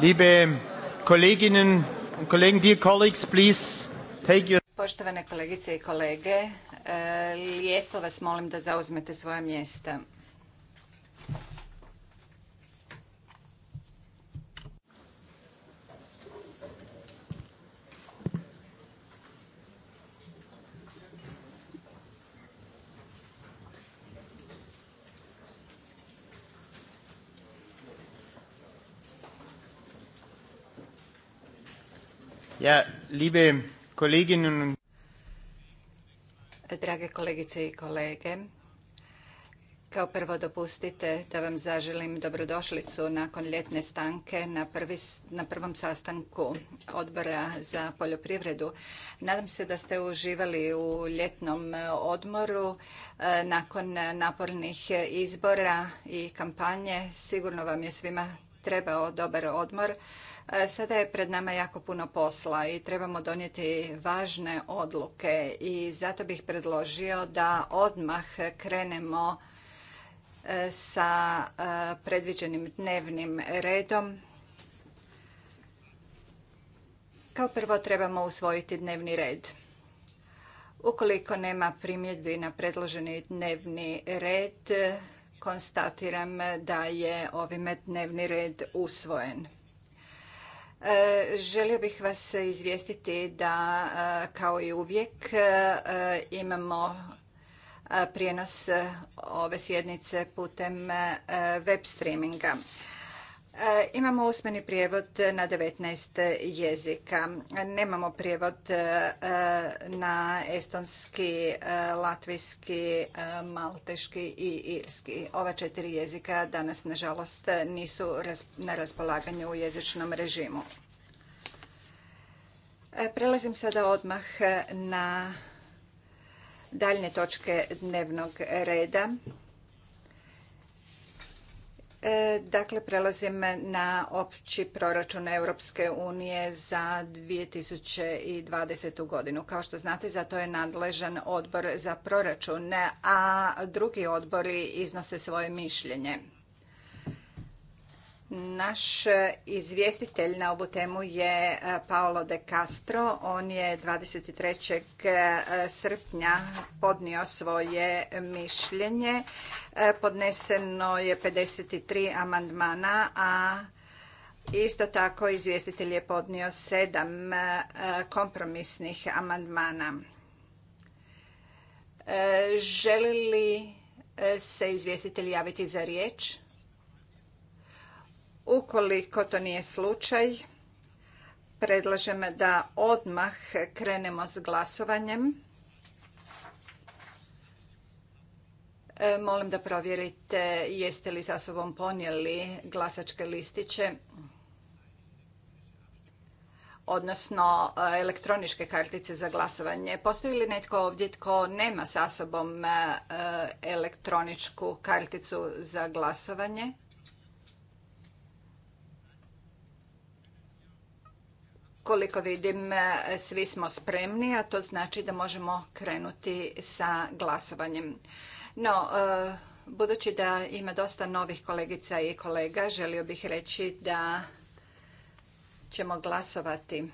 Liebe Kolleginnen und Kollegen, dear colleagues, please take your... Poštovane kolegice i kolege, e, lijepo vas molim da zauzmete svoja mjesta. Ja, liebe Kolleginnen Drage kolegice i kolege, kao prvo dopustite da vam zaželim dobrodošlicu nakon ljetne stanke na, prvi, na prvom sastanku odbora za poljoprivredu. Nadam se da ste uživali u ljetnom eh, odmoru eh, nakon napornih izbora i kampanje. Sigurno vam je svima trebao dobar odmor. E, sada je pred nama jako puno posla i trebamo donijeti važne odluke i zato bih predložio da odmah krenemo e, sa e, predviđenim dnevnim redom. Kao prvo trebamo usvojiti dnevni red. Ukoliko nema primjedbi na predloženi dnevni red, konstatiram da je ovime dnevni red usvojen. Želio bih vas izvijestiti da e, kao i uvijek e, e, imamo prijenos ove sjednice putem web streaminga. E, imamo usmeni prijevod na 19 jezika. Nemamo prijevod e, na estonski, e, latvijski, malteški i irski. Ova četiri jezika danas, nažalost, nisu na raspolaganju u jezičnom režimu. Prelazim sada odmah na daljne točke dnevnog reda. E, dakle, prelazim na opći proračun Europske unije za 2020. godinu. Kao što znate, za to je nadležan odbor za proračun, a drugi odbori iznose svoje mišljenje. Naš e, izvjestitelj na ovu temu je e, Paolo de Castro. On je 23. E, srpnja podnio svoje mišljenje. Podneseno je 53 amandmana, a isto tako izvjestitelj je podnio sedam kompromisnih amandmana. Želi li se izvjestitelj javiti za riječ? Ukoliko to nije slučaj, predlažem da odmah krenemo s glasovanjem. E, molim da provjerite jeste li sa sobom ponijeli glasačke listiće, odnosno e, elektroničke kartice za glasovanje. Postoji li netko ovdje tko nema sa sobom e, elektroničku karticu za glasovanje? Koliko vidim, e, svi smo spremni, a to znači da možemo krenuti sa glasovanjem. No, e, budući da ima dosta novih kolegica i kolega, želio bih reći da ćemo glasovati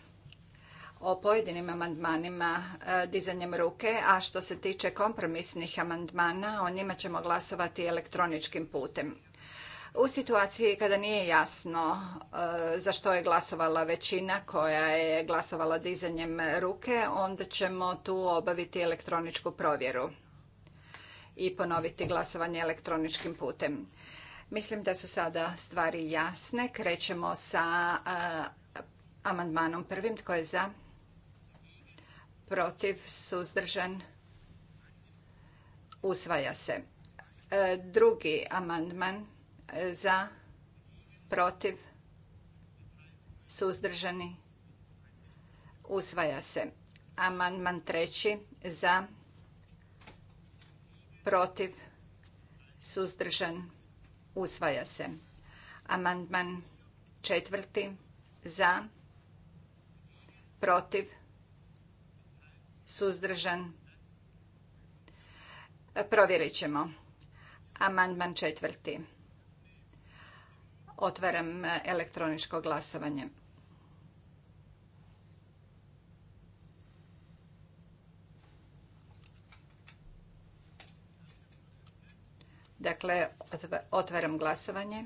o pojedinim amandmanima e, dizanjem ruke, a što se tiče kompromisnih amandmana, o njima ćemo glasovati elektroničkim putem u situaciji kada nije jasno e, za što je glasovala većina koja je glasovala dizanjem ruke, onda ćemo tu obaviti elektroničku provjeru i ponoviti glasovanje elektroničkim putem. Mislim da su sada stvari jasne. Krećemo sa e, amandmanom prvim. Tko je za? Protiv? Suzdržan? Usvaja se. E, drugi amandman za, protiv, suzdržani, usvaja se. Amandman treći za, protiv, suzdržan, usvaja se. Amandman četvrti za, protiv, suzdržan, provjerit ćemo. Amandman četvrti. Otvaram e, elektroničko glasovanje. Dakle, otvaram glasovanje.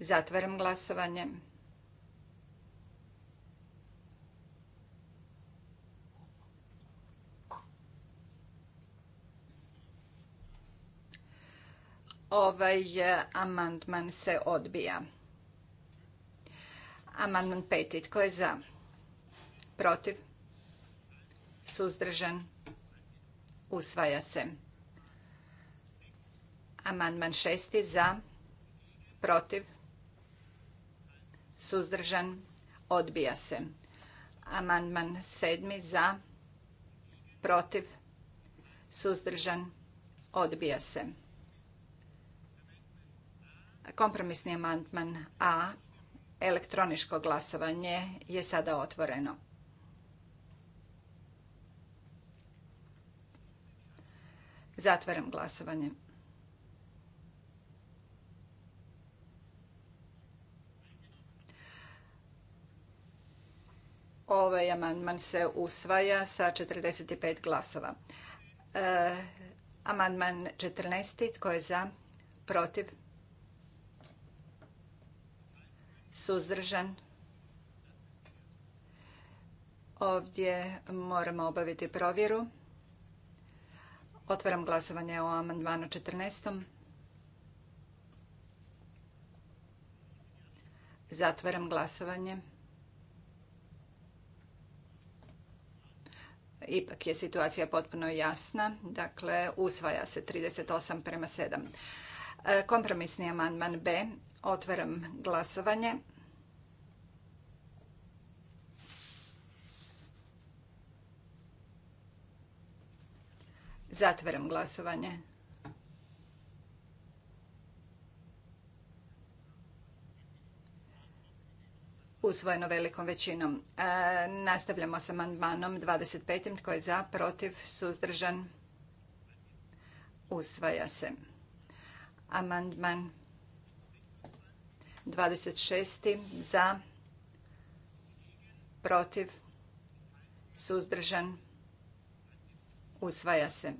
Zatvaram glasovanje. Ovaj e, amandman se odbija. Amandman peti. Tko je za? Protiv? Suzdržan? Usvaja se. Amandman šesti. Za? Protiv? Suzdržan? Odbija se. Amandman sedmi. Za? Protiv? Suzdržan? Odbija se. Kompromisni amandman A. Elektroničko glasovanje je sada otvoreno. Zatvaram glasovanje. Ovaj amandman se usvaja sa 45 glasova. E, amandman 14. Tko je za? Protiv? Suzdržan? Ovdje moramo obaviti provjeru. Otvaram glasovanje o amandmanu 14. Zatvaram glasovanje. Ipak je situacija potpuno jasna. Dakle, usvaja se 38 prema 7. E, kompromisni amandman B Otvaram glasovanje. Zatvaram glasovanje. Usvojeno velikom većinom. E, nastavljamo sa amandmanom 25. Tko je za, protiv, suzdržan? Usvaja se. Amandman 26. za, protiv, suzdržan, usvaja se.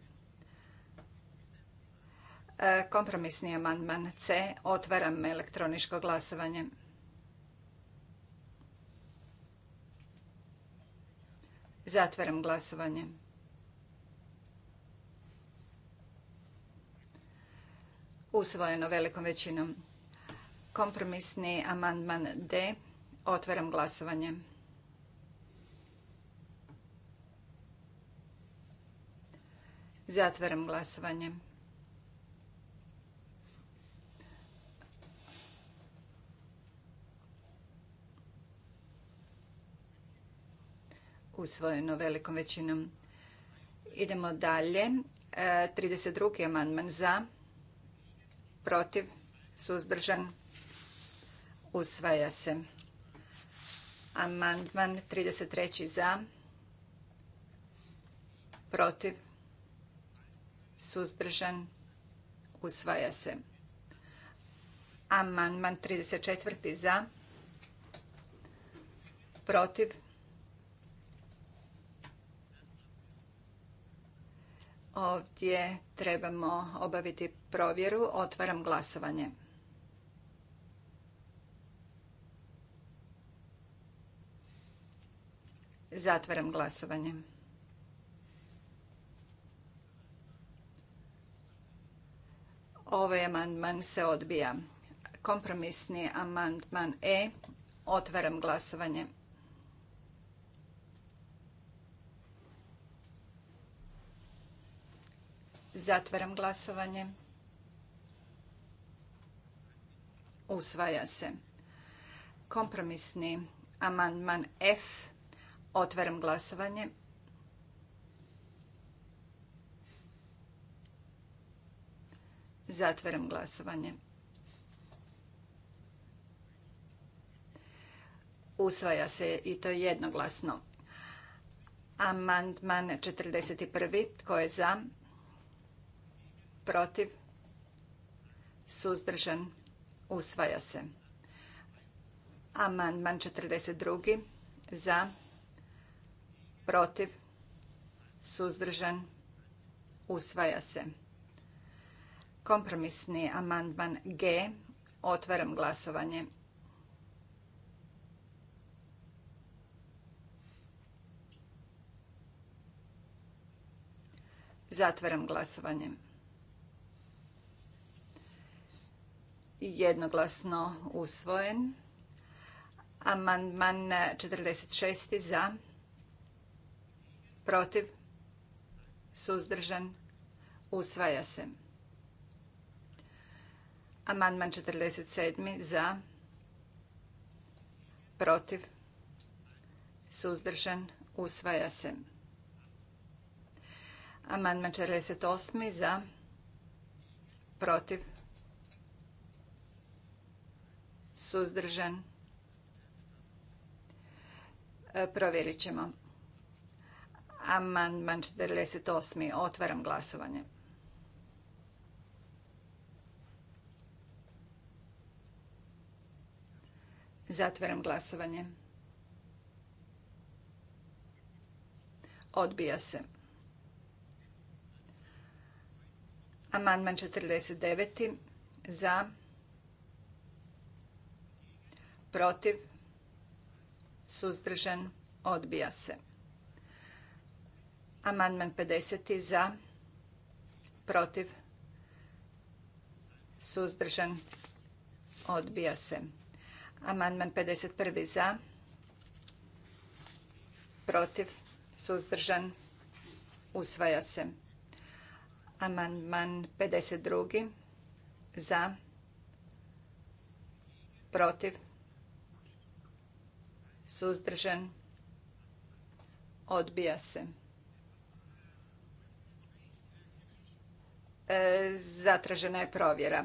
E, kompromisni amandman C. Otvaram elektroničko glasovanje. Zatvaram glasovanje. Usvojeno velikom većinom. Kompromisni amandman D. Otvaram glasovanje. Zatvaram glasovanje. Usvojeno velikom većinom. Idemo dalje. 32. E, amandman za, protiv, suzdržan, Usvaja se. Amandman 33. za. Protiv. Suzdržan. Usvaja se. Amandman 34. za. Protiv. Ovdje trebamo obaviti provjeru. Otvaram glasovanje. Zatvaram glasovanje. Ovaj amandman se odbija. Kompromisni amandman E. Otvaram glasovanje. Zatvaram glasovanje. Usvaja se. Kompromisni amandman F. Otvaram glasovanje. Zatvaram glasovanje. Usvaja se i to jednoglasno. Amandman 41. Tko je za? Protiv? Suzdržan? Usvaja se. Amandman 42. Za? protiv, suzdržan, usvaja se. Kompromisni amandman G. Otvaram glasovanje. Zatvaram glasovanje. Jednoglasno usvojen. Amandman 46. za protiv, suzdržan, usvaja se. Amandman 47. za, protiv, suzdržan, usvaja se. Amandman 48. za, protiv, suzdržan, e, provjerit ćemo. Amandman 48. Otvaram glasovanje. Zatvaram glasovanje. Odbija se. Amandman 49. Za. Protiv. Suzdržan. Odbija se. Amandman 50. za, protiv, suzdržan, odbija se. Amandman 51. za, protiv, suzdržan, usvaja se. Amandman 52. za, protiv, suzdržan, odbija se. E, zatražena je provjera.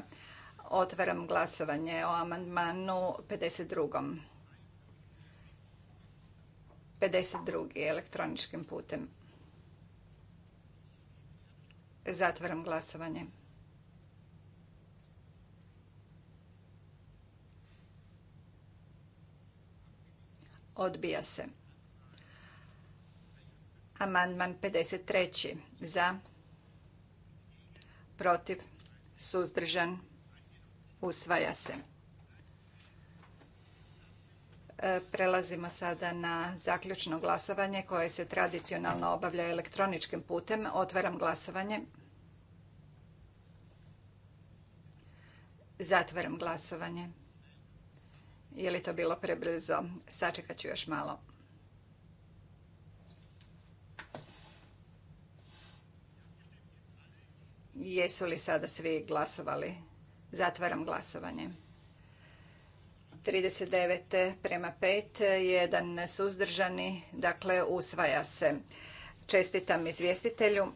Otvaram glasovanje o amandmanu 52. 52. elektroničkim putem. Zatvaram glasovanje. Odbija se. Amandman 53. Za protiv, suzdržan, usvaja se. E, prelazimo sada na zaključno glasovanje koje se tradicionalno obavlja elektroničkim putem. Otvaram glasovanje. Zatvaram glasovanje. Je li to bilo prebrzo? Sačekat ću još malo. Jesu li sada svi glasovali? Zatvaram glasovanje. 39 prema 5, jedan suzdržani, dakle usvaja se. Čestitam izvjestitelju.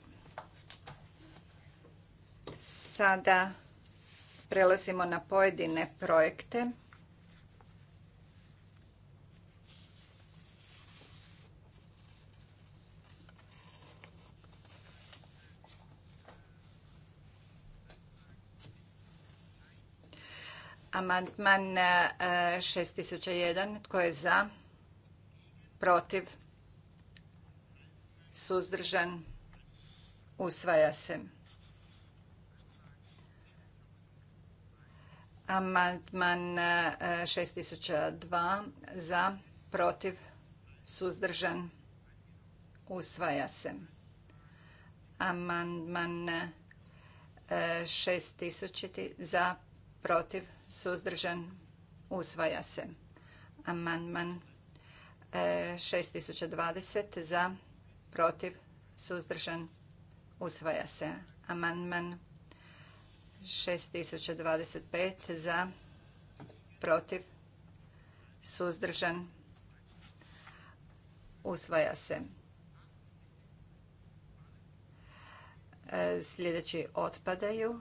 Sada prelazimo na pojedine projekte. Amandman 6001. E, Tko je za? Protiv? Suzdržan? Usvaja se. Amandman 6002. E, za? Protiv? Suzdržan? Usvaja se. Amandman 6000. E, za? Protiv? suzdržan, usvaja se. Amandman 6020 e, za, protiv, suzdržan, usvaja se. Amandman 6025 za, protiv, suzdržan, usvaja se. E, sljedeći otpadaju.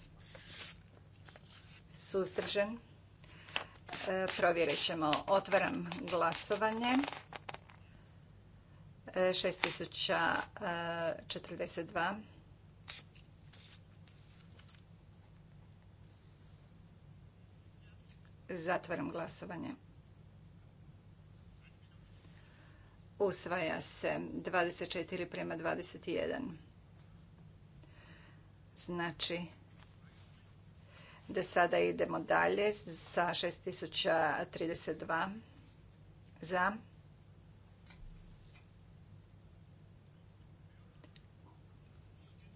suzdržan. E, provjerit ćemo. Otvaram glasovanje. 6042. E, e, Zatvaram glasovanje. Usvaja se 24 prema 21. Znači, da sada idemo dalje sa 6032 za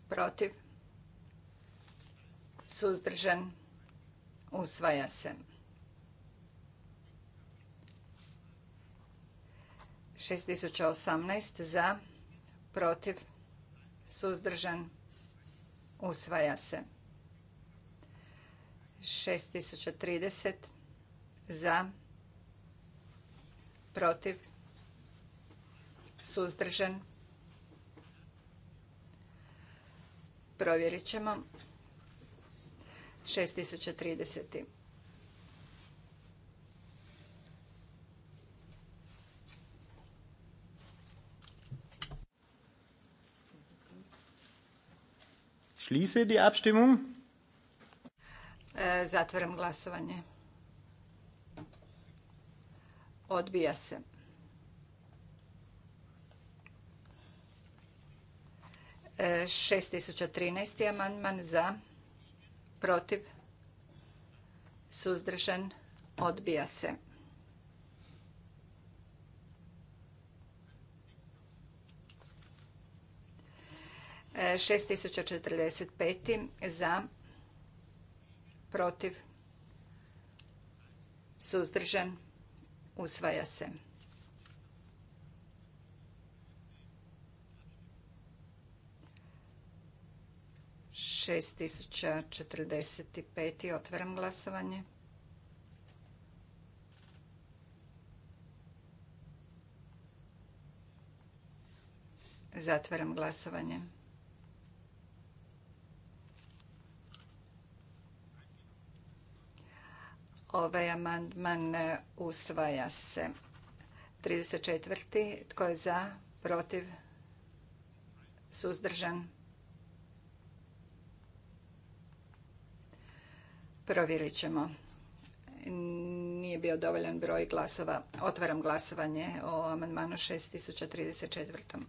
protiv suzdržan usvaja se 6018 za protiv suzdržan usvaja se 6030 za protiv suzdržan provjerit ćemo 6030 Schließe die Abstimmung. E, zatvaram glasovanje. Odbija se. E, 6013. amandman za, protiv, suzdržan, odbija se. E, 6045. za, protiv, suzdržan, usvaja se. Šest tisuća četrdeset otvaram glasovanje. Zatvaram glasovanje. Ovaj amandman e, usvaja se. 34. Tko je za? Protiv? Suzdržan? Provjerit ćemo. Nije bio dovoljan broj glasova. Otvaram glasovanje o amandmanu 6034.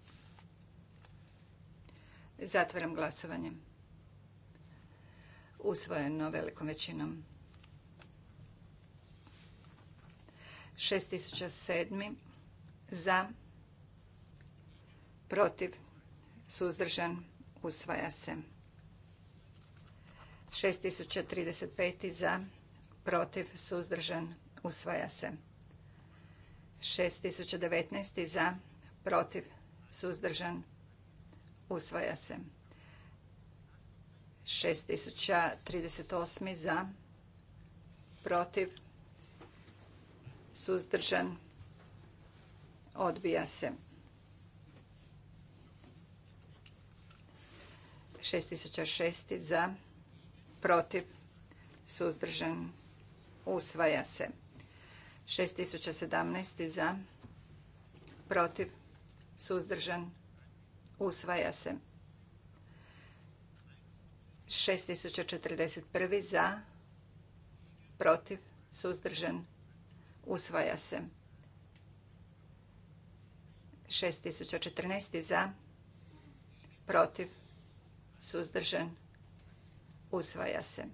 Zatvaram glasovanje. Usvojeno velikom većinom. 6007. Za. Protiv. Suzdržan. Usvaja se. 6035. Za. Protiv. Suzdržan. Usvaja se. 6019. Za. Protiv. Suzdržan. Usvaja se. 6038. Za. Protiv suzdržan, odbija se. 6006 za, protiv, suzdržan, usvaja se. 6017 za, protiv, suzdržan, usvaja se. 6041 za, protiv, suzdržan, Usvaja se. 6014 za, protiv, suzdržan, usvaja se.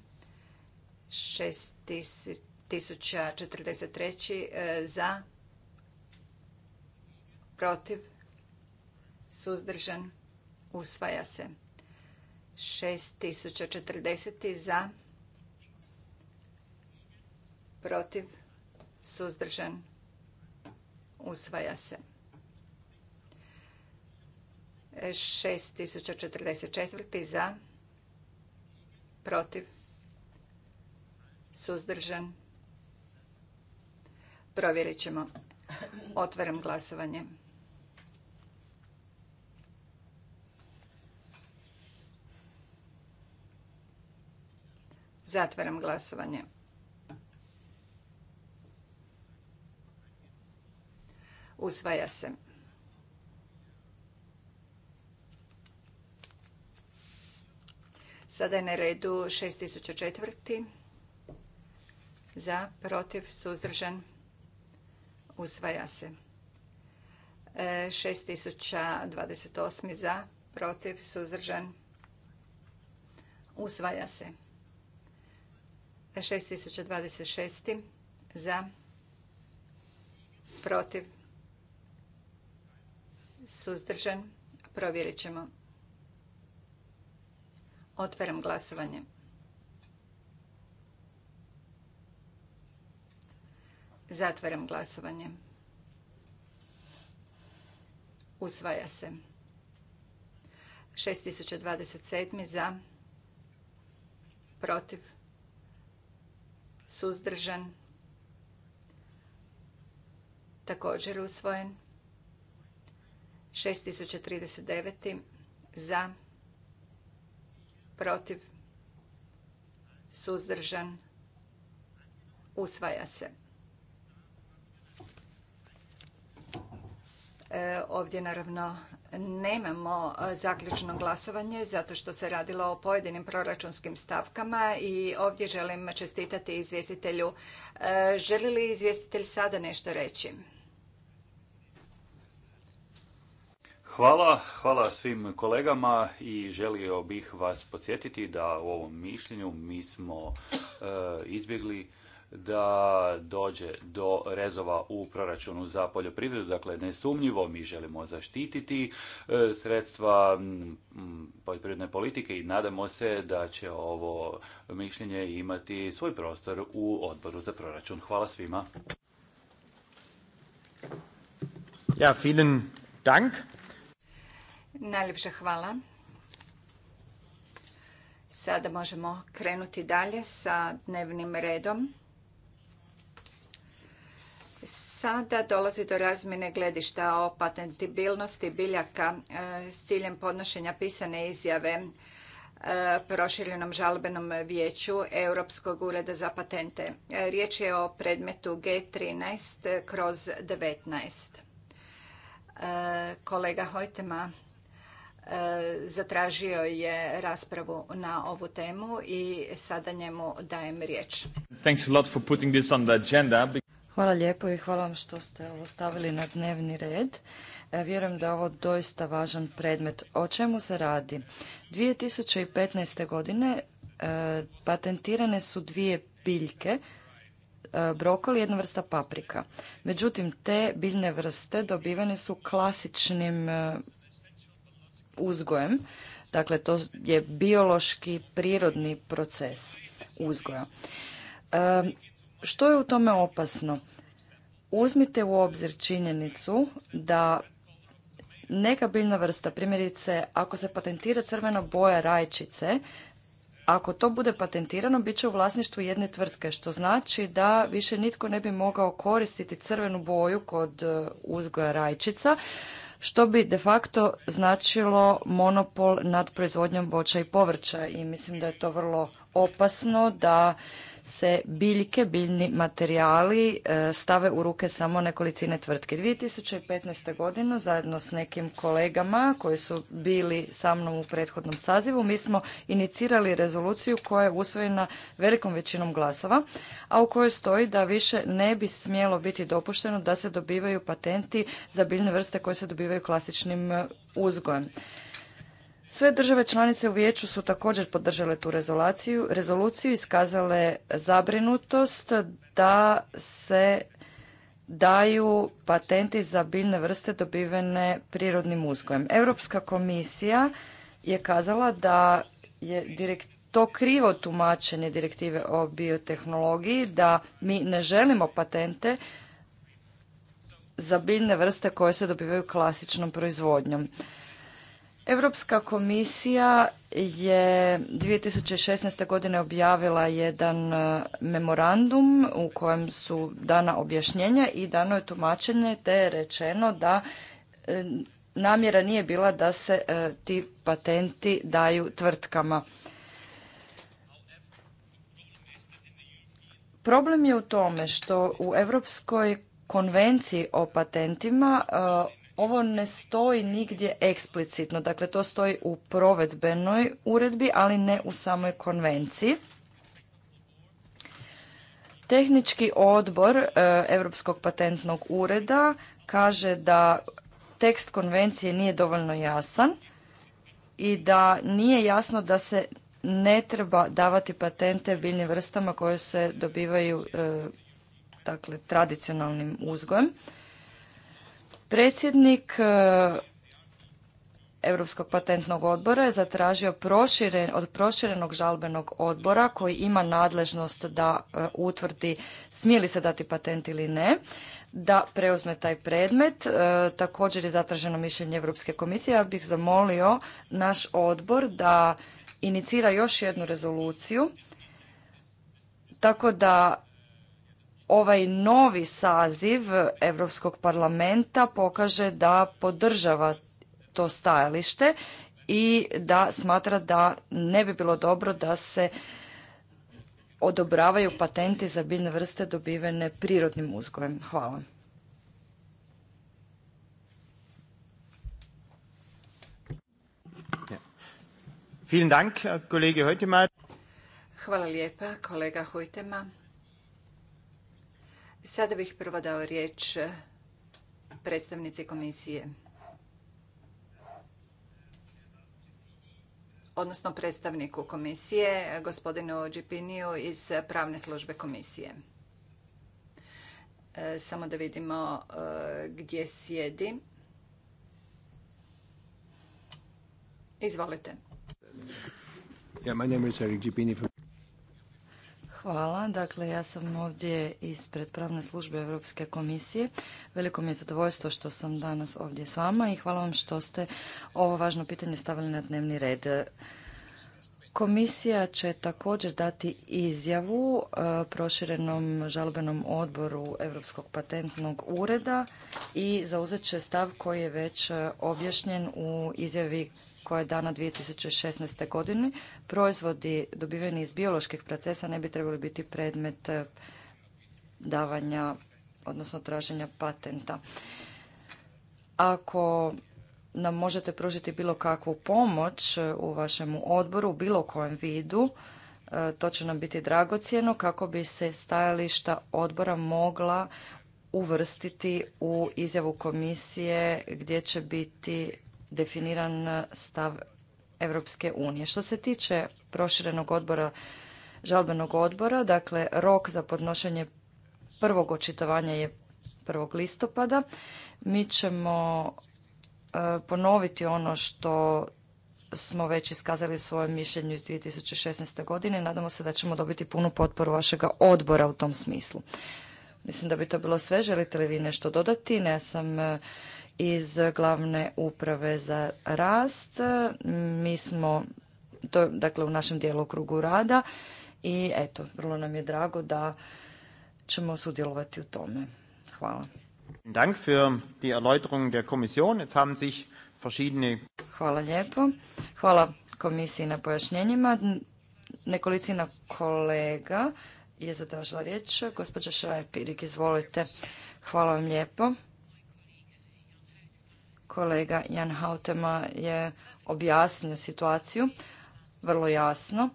6043 e, za, protiv, suzdržan, usvaja se. 6040 za, protiv, suzdržan, usvaja se. 6044 za, protiv, suzdržan. Provjerit ćemo. Otvaram glasovanje. Zatvaram glasovanje. Usvaja se. Sada je na redu 6004. Za, protiv, suzdržan. Usvaja se. 6028. E, Za, protiv, suzdržan. Usvaja se. 6026. E, Za, protiv, Suzdržan? Provjerit ćemo. Otvaram glasovanje. Zatvaram glasovanje. Usvaja se. 6027 za, protiv, suzdržan, također usvojen. 6039. Za. Protiv. Suzdržan. Usvaja se. E, ovdje naravno nemamo e, zaključno glasovanje zato što se radilo o pojedinim proračunskim stavkama i ovdje želim čestitati izvjestitelju. E, želi li izvjestitelj sada nešto reći? Hvala, hvala svim kolegama i želio bih vas podsjetiti da u ovom mišljenju mi smo e, izbjegli da dođe do rezova u proračunu za poljoprivredu. Dakle, nesumnjivo mi želimo zaštititi e, sredstva poljoprivredne politike i nadamo se da će ovo mišljenje imati svoj prostor u odboru za proračun. Hvala svima. Ja, vielen Dank. Najljepša hvala. Sada možemo krenuti dalje sa dnevnim redom. Sada dolazi do razmjene gledišta o patentibilnosti biljaka e, s ciljem podnošenja pisane izjave e, proširenom žalbenom vijeću Europskog ureda za patente. E, riječ je o predmetu G13 kroz 19. Kolega Hojtema E, zatražio je raspravu na ovu temu i sada njemu dajem riječ. Hvala lijepo i hvala vam što ste ovo stavili na dnevni red. E, vjerujem da je ovo doista važan predmet. O čemu se radi? 2015. godine e, patentirane su dvije biljke, brokoli i jedna vrsta paprika. Međutim, te biljne vrste dobivene su klasičnim uzgojem. Dakle, to je biološki, prirodni proces uzgoja. što je u tome opasno? Uzmite u obzir činjenicu da neka biljna vrsta, primjerice, ako se patentira crvena boja rajčice, ako to bude patentirano, bit će u vlasništvu jedne tvrtke, što znači da više nitko ne bi mogao koristiti crvenu boju kod eh, uzgoja rajčica, što bi de facto značilo monopol nad proizvodnjom voća i povrća i mislim da je to vrlo opasno da se biljke, biljni materijali e, stave u ruke samo nekolicine tvrtke. 2015. godinu zajedno s nekim kolegama koji su bili sa mnom u prethodnom sazivu mi smo inicirali rezoluciju koja je usvojena velikom većinom glasova, a u kojoj stoji da više ne bi smjelo biti dopušteno da se dobivaju patenti za biljne vrste koje se dobivaju klasičnim e, uzgojem. Sve države članice u vijeću su također podržale tu rezolaciju, rezoluciju iskazale zabrinutost da se daju patenti za biljne vrste dobivene prirodnim uzgojem. Europska komisija je kazala da je direkt, to krivo tumačenje direktive o biotehnologiji, da mi ne želimo patente za biljne vrste koje se dobivaju klasičnom proizvodnjom. Europska komisija je 2016. godine objavila jedan e, memorandum u kojem su dana objašnjenja i dano je tumačenje te je rečeno da e, namjera nije bila da se e, ti patenti daju tvrtkama. Problem je u tome što u Europskoj konvenciji o patentima ovo ne stoji nigdje eksplicitno, dakle to stoji u provedbenoj uredbi, ali ne u samoj konvenciji. Tehnički odbor e, Europskog patentnog ureda kaže da tekst konvencije nije dovoljno jasan i da nije jasno da se ne treba davati patente biljnim vrstama koje se dobivaju e, dakle tradicionalnim uzgojem. Predsjednik e, Europskog patentnog odbora je zatražio proširen, od proširenog žalbenog odbora koji ima nadležnost da e, utvrdi smije li se dati patent ili ne, da preuzme taj predmet. E, također je zatraženo mišljenje Europske komisije. Ja bih zamolio naš odbor da inicira još jednu rezoluciju tako da ovaj novi saziv Europskog parlamenta pokaže da podržava to stajalište i da smatra da ne bi bilo dobro da se odobravaju patenti za biljne vrste dobivene prirodnim uzgojem. Hvala. Hvala lijepa kolega Hojtema. Sada bih prvo dao riječ predstavnici komisije. Odnosno predstavniku komisije, gospodinu Džipiniju iz pravne službe komisije. E, samo da vidimo e, gdje sjedi. Izvolite. Hvala. Dakle, ja sam ovdje ispred pravne službe Europske komisije. Veliko mi je zadovoljstvo što sam danas ovdje s vama i hvala vam što ste ovo važno pitanje stavili na dnevni red. Komisija će također dati izjavu e, proširenom žalbenom odboru Europskog patentnog ureda i zauzet će stav koji je već e, objašnjen u izjavi koja je dana 2016. godine, proizvodi dobiveni iz bioloških procesa ne bi trebali biti predmet eh, davanja, odnosno traženja patenta. Ako nam možete pružiti bilo kakvu pomoć eh, u vašem odboru, u bilo kojem vidu, eh, to će nam biti dragocjeno kako bi se stajališta odbora mogla uvrstiti u izjavu komisije gdje će biti definiran e, stav Europske unije. Što se tiče proširenog odbora, žalbenog odbora, dakle rok za podnošenje prvog očitovanja je 1. listopada. Mi ćemo e, ponoviti ono što smo već iskazali u svojem mišljenju iz 2016. godine nadamo se da ćemo dobiti punu potporu vašega odbora u tom smislu. Mislim da bi to bilo sve. Želite li vi nešto dodati? Ne, sam e, iz glavne uprave za rast. Mi smo, to dakle u našem djelokrugu rada i eto, vrlo nam je drago da ćemo sudjelovati u tome. Hvala. Dank für die der Kommission. Jetzt haben sich verschiedene... Hvala lijepo. Hvala komisiji na pojašnjenjima. Nekolicina kolega je zatražila riječ. Gospođa Šajepirik, izvolite. Hvala vam lijepo. Kolega Jan Hautema je objasnio situaciju vrlo jasno.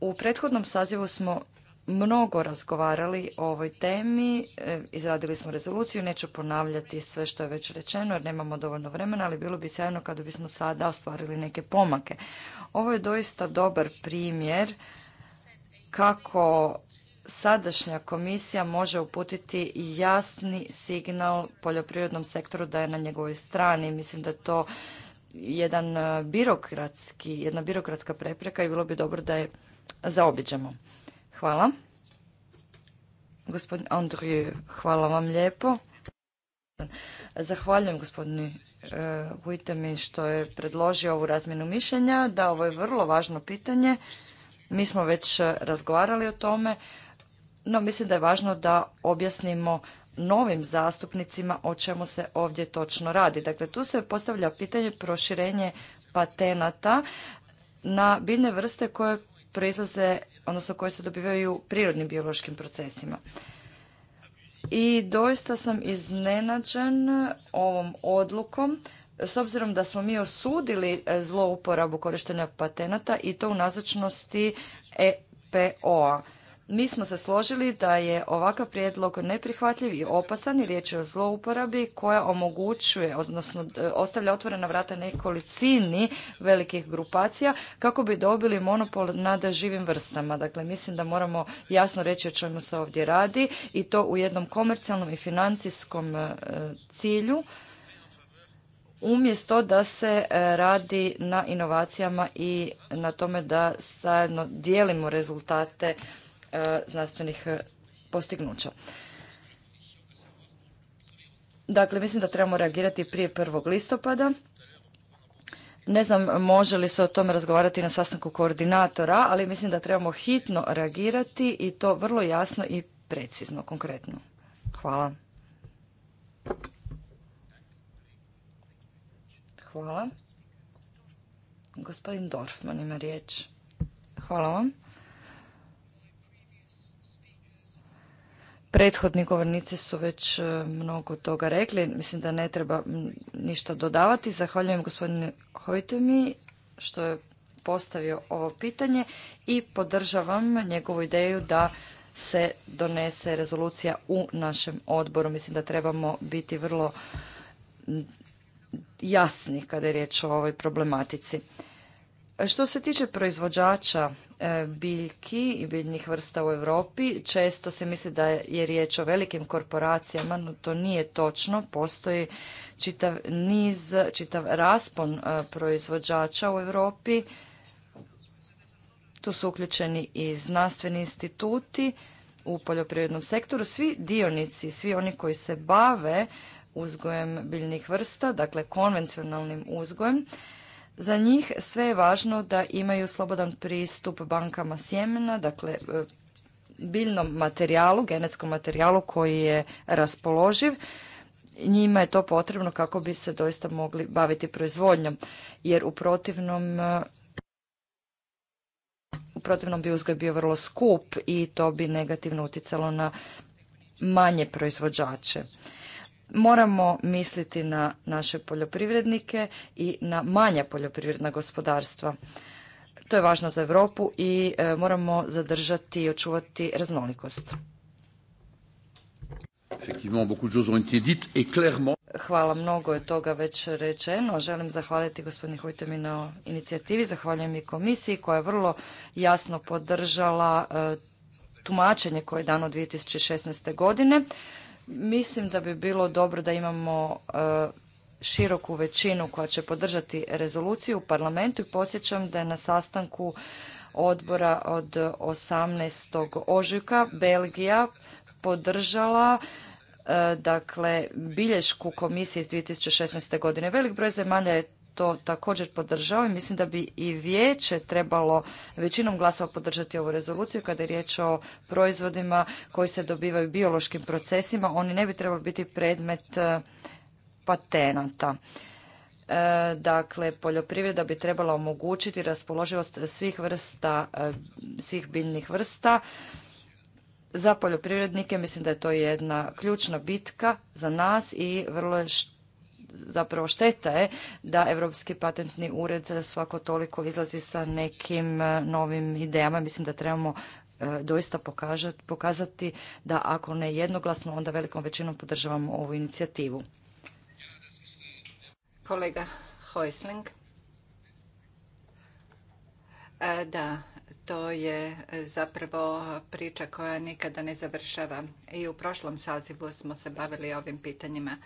U prethodnom sazivu smo mnogo razgovarali o ovoj temi, e, izradili smo rezoluciju, neću ponavljati sve što je već rečeno jer nemamo dovoljno vremena, ali bilo bi sjajno kada bismo sada ostvarili neke pomake. Ovo je doista dobar primjer kako sadašnja komisija može uputiti jasni signal poljoprivrednom sektoru da je na njegovoj strani. Mislim da je to jedan e, birokratski, jedna birokratska prepreka i bilo bi dobro da je zaobiđemo. Hvala. Gospodin Andrije, hvala vam lijepo. Zahvaljujem gospodinu Huitemi e, što je predložio ovu razmjenu mišljenja, da ovo je vrlo važno pitanje. Mi smo već e, razgovarali o tome no mislim da je važno da objasnimo novim zastupnicima o čemu se ovdje točno radi. Dakle, tu se postavlja pitanje proširenje patenata na biljne vrste koje proizlaze, odnosno koje se dobivaju prirodnim biološkim procesima. I doista sam iznenađen ovom odlukom s obzirom da smo mi osudili e, zlouporabu korištenja patenata i to u nazočnosti EPO-a mi smo se složili da je ovakav prijedlog neprihvatljiv i opasan i riječ je o zlouporabi koja omogućuje, odnosno e, ostavlja otvorena vrata nekolicini velikih grupacija kako bi dobili monopol nad živim vrstama. Dakle, mislim da moramo jasno reći o čemu se ovdje radi i to u jednom komercijalnom i financijskom e, cilju umjesto da se e, radi na inovacijama i na tome da zajedno dijelimo rezultate E, znanstvenih e, postignuća. Dakle, mislim da trebamo reagirati prije 1. listopada. Ne znam može li se o tome razgovarati na sastanku koordinatora, ali mislim da trebamo hitno reagirati i to vrlo jasno i precizno, konkretno. Hvala. Hvala. Gospodin Dorfman ima riječ. Hvala vam. Prethodni govornici su već e, mnogo toga rekli, mislim da ne treba ništa dodavati. Zahvaljujem gospodine Hojtemi što je postavio ovo pitanje i podržavam njegovu ideju da se donese rezolucija u našem odboru. Mislim da trebamo biti vrlo jasni kada je riječ o ovoj problematici. Što se tiče proizvođača e, biljki i biljnih vrsta u Europi, često se misli da je riječ o velikim korporacijama, no to nije točno. Postoji čitav niz, čitav raspon e, proizvođača u Europi. Tu su uključeni i znanstveni instituti u poljoprivrednom sektoru. Svi dionici, svi oni koji se bave uzgojem biljnih vrsta, dakle konvencionalnim uzgojem, za njih sve je važno da imaju slobodan pristup bankama sjemena, dakle e, biljnom materijalu, genetskom materijalu koji je raspoloživ. Njima je to potrebno kako bi se doista mogli baviti proizvodnjom, jer u protivnom e, u protivnom bi uzgoj bio vrlo skup i to bi negativno utjecalo na manje proizvođače moramo misliti na naše poljoprivrednike i na manja poljoprivredna gospodarstva. To je važno za Europu i e, moramo zadržati i očuvati raznolikost. Hvala, mnogo je toga već rečeno. Želim zahvaliti gospodin Hojtemi na inicijativi, zahvaljujem i komisiji koja je vrlo jasno podržala e, tumačenje koje je dano 2016. godine. Mislim da bi bilo dobro da imamo e, široku većinu koja će podržati rezoluciju u parlamentu i podsjećam da je na sastanku odbora od 18. ožujka Belgija podržala e, dakle bilješku komisije iz 2016. godine. Velik broj zemalja je to također podržao i mislim da bi i vijeće trebalo većinom glasova podržati ovu rezoluciju kada je riječ o proizvodima koji se dobivaju biološkim procesima. Oni ne bi trebali biti predmet e, patenata. E, dakle, poljoprivreda bi trebala omogućiti raspoloživost svih vrsta, e, svih biljnih vrsta. Za poljoprivrednike mislim da je to jedna ključna bitka za nas i vrlo je zapravo šteta je da Europski patentni ured svako toliko izlazi sa nekim e, novim idejama. Mislim da trebamo e, doista pokazati da ako ne jednoglasno, onda velikom većinom podržavamo ovu inicijativu. Kolega Hojsling. E, da, to je zapravo priča koja nikada ne završava. I u prošlom sazivu smo se bavili ovim pitanjima.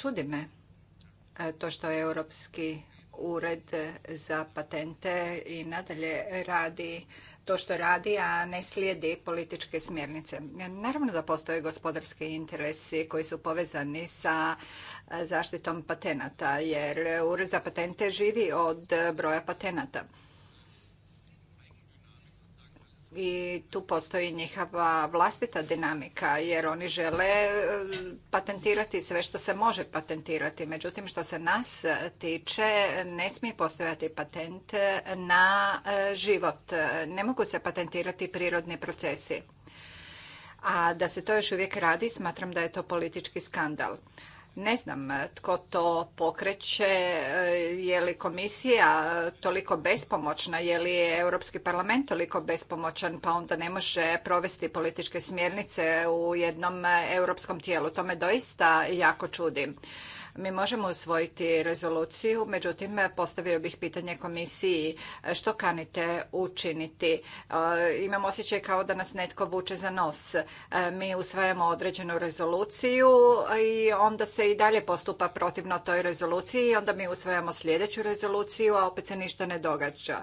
Čudi me e, to što je Europski ured za patente i nadalje radi to što radi, a ne slijedi političke smjernice. Naravno da postoje gospodarski interesi koji su povezani sa e, zaštitom patenata, jer Ured za patente živi od broja patenata i tu postoji njihova vlastita dinamika jer oni žele e, patentirati sve što se može patentirati. Međutim, što se nas tiče, ne smije postojati patent na e, život. Ne mogu se patentirati prirodni procesi. A da se to još uvijek radi, smatram da je to politički skandal. Ne znam e, tko to pokreće, e, je li komisija toliko bespomoćna, je li je Europski parlament toliko bespomoćan, pa onda ne može provesti političke smjernice u jednom e, europskom tijelu. To me doista jako čudi. Mi možemo usvojiti rezoluciju, međutim postavio bih pitanje komisiji što kanite učiniti. E, imam osjećaj kao da nas netko vuče za nos. E, mi usvajamo određenu rezoluciju i onda se i dalje postupa protivno toj rezoluciji i onda mi usvajamo sljedeću rezoluciju, a opet se ništa ne događa.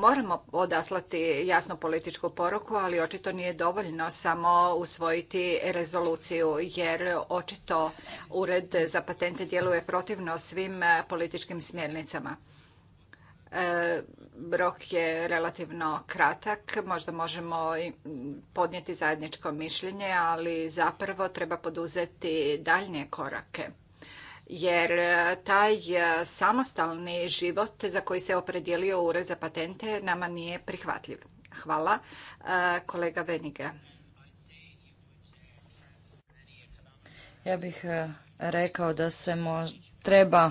Moramo odaslati jasnu političku poruku, ali očito nije dovoljno samo usvojiti rezoluciju, jer očito Ured za patente djeluje protivno svim političkim smjernicama. Rok je relativno kratak, možda možemo podnijeti zajedničko mišljenje, ali zapravo treba poduzeti daljnje korake jer e, taj e, samostalni život za koji se opredijelio Ured za patente nama nije prihvatljiv. Hvala. E, kolega Venige. Ja bih rekao da se treba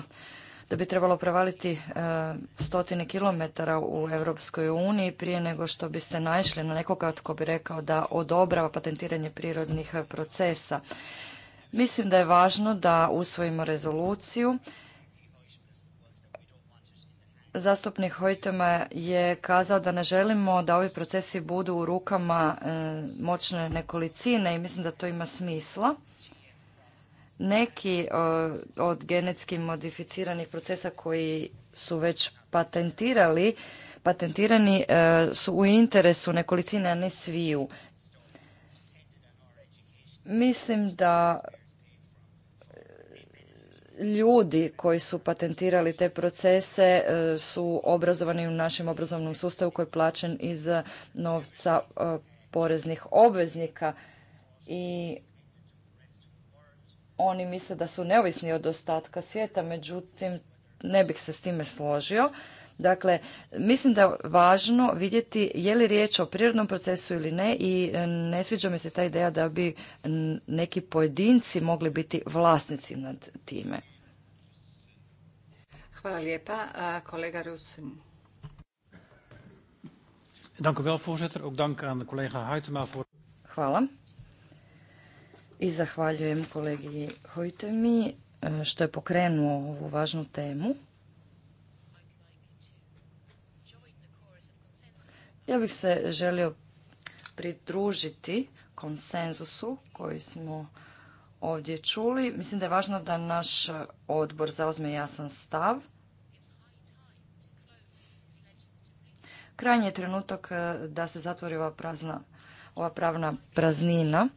da bi trebalo prevaliti stotine kilometara u Europskoj uniji prije nego što biste naišli na nekoga tko bi rekao da odobrava patentiranje prirodnih procesa. Mislim da je važno da usvojimo rezoluciju. Zastupnik Hojtema je kazao da ne želimo da ovi procesi budu u rukama e, moćne nekolicine i mislim da to ima smisla. Neki e, od genetski modificiranih procesa koji su već patentirali, patentirani e, su u interesu nekolicine, a ne sviju. Mislim da ljudi koji su patentirali te procese e, su obrazovani u našem obrazovnom sustavu koji je plaćen iz novca e, poreznih obveznika i oni misle da su neovisni od ostatka svijeta, međutim ne bih se s time složio. Dakle, mislim da je važno vidjeti je li riječ o prirodnom procesu ili ne i e, ne sviđa mi se ta ideja da bi neki pojedinci mogli biti vlasnici nad time. Hvala lijepa. kolega Rusin. Dank u wel, voorzitter. Ook dank aan Hvala. I zahvaljujem kolegi Hojtemi e, što je pokrenuo ovu važnu temu. Ja bih se želio pridružiti konsenzusu koji smo ovdje čuli. Mislim da je važno da naš odbor zauzme jasan stav. Krajnji je trenutak e, da se zatvori ova, prazna, ova pravna praznina.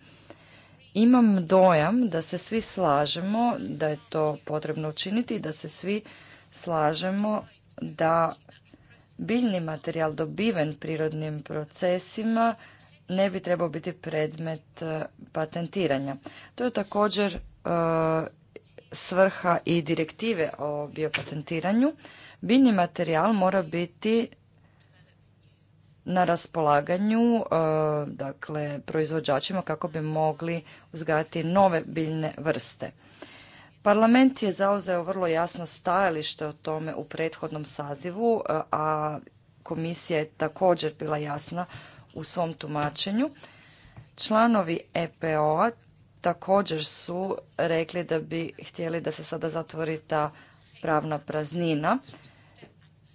Imam dojam da se svi slažemo da je to potrebno učiniti i da se svi slažemo da biljni materijal dobiven prirodnim procesima ne bi trebao biti predmet e, patentiranja. To je također e, svrha i direktive o biopatentiranju. Biljni materijal mora biti na raspolaganju e, dakle proizvođačima kako bi mogli uzgajati nove biljne vrste. Parlament je zauzeo vrlo jasno stajalište o tome u prethodnom sazivu, e, a komisija je također bila jasna u svom tumačenju. Članovi EPO-a također su rekli da bi htjeli da se sada zatvori ta pravna praznina.